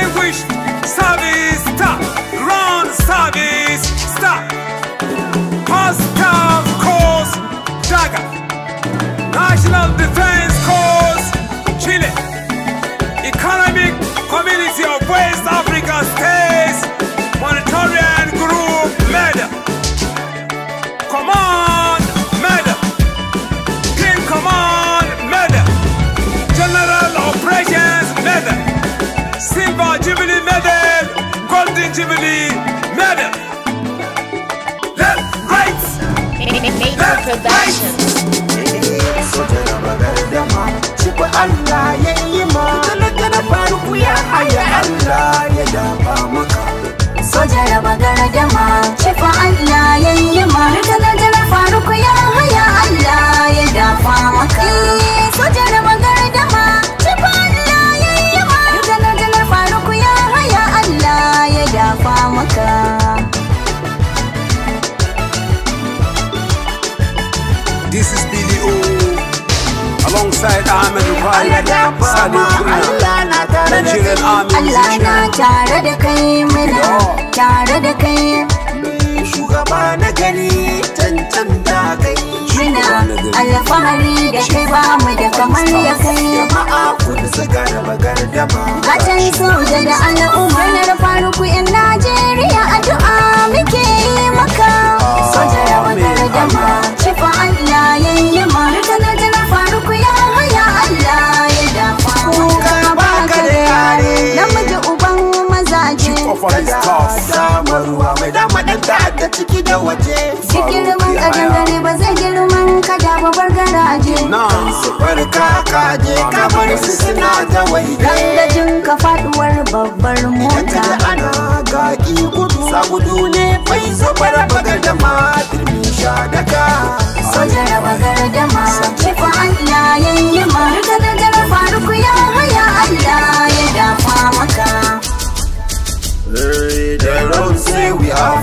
Ty wyjść, stawy, sta, positively madam. Left, right. Left, right. ya Allah ya Soja Allah ya alongside Ahmed Buhari Sadi Kurna Nigerian Army Allah na tare da kai muna tare da kai shugaba na gari tantanta kai muna alfahari da kai ba mu da kamar ya kai jama'a ku da soja da al'ummar faruku ta ciki da waje cikin rumun ka gangare ba zai ji rumun ka da babar garaje su farka kaje ka bar su suna ta waje dangajin ka faduwar babbar mota ana gaki gudu sa gudu ne fai zubar bagar da matirmi sha daga soja da bagar da ma kifa Allah yayi ma ka da gara faruku ya haya Allah ya dafa maka Hey, the say we are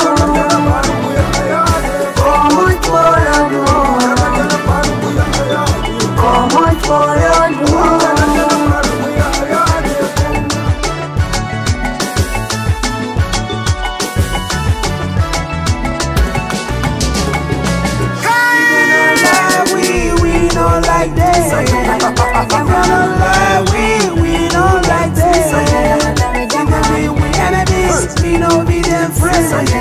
I am.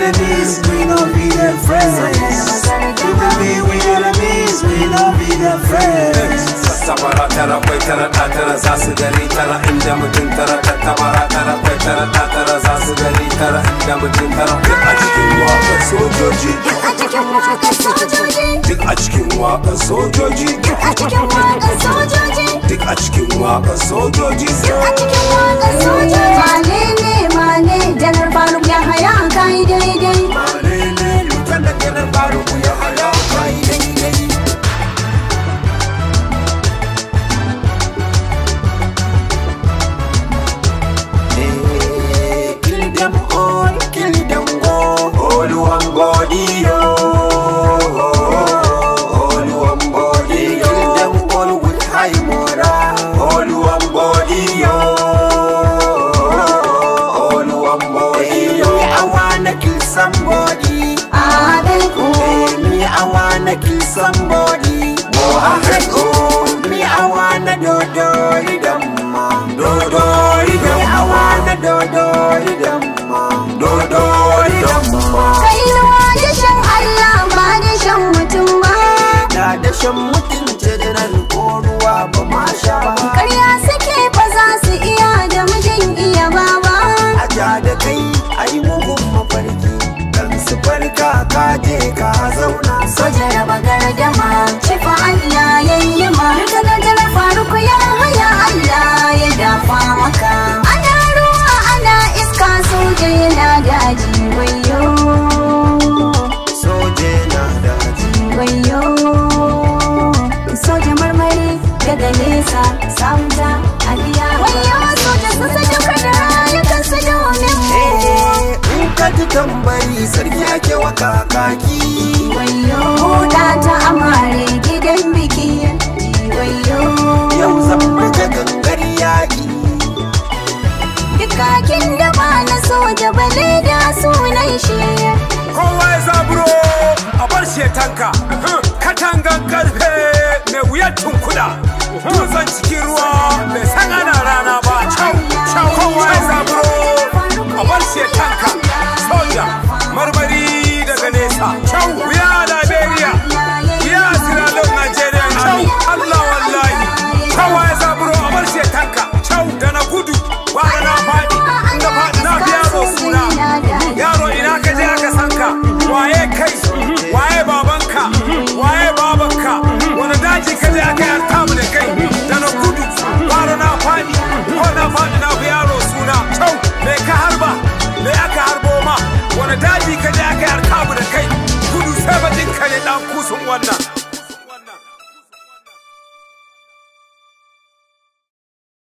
enemies, we don't be their friends. You can be we enemies, we don't be their friends. tabara tara kwai tara tara za gari tara inda mutum tara ta tabara tara kwai tara tara za gari tara inda mutum tara duk a cikin waƙar sojoji duk a cikin waƙar sojoji duk a cikin waƙar sojoji duk a cikin waƙar sojoji make you some more. Ayi, yi mafarki kan su farka ka je ka zauna soja da bagara dama cifa allah yayyama rika da jara faruku ya haya allah ya dafa maka katangan karfe mai wuyar tunkuda dutsen cikin ruwa mai san ana rana ba can kowa ya zaburo a bar tanka soja marmari daga nesa can lakhuza ungwana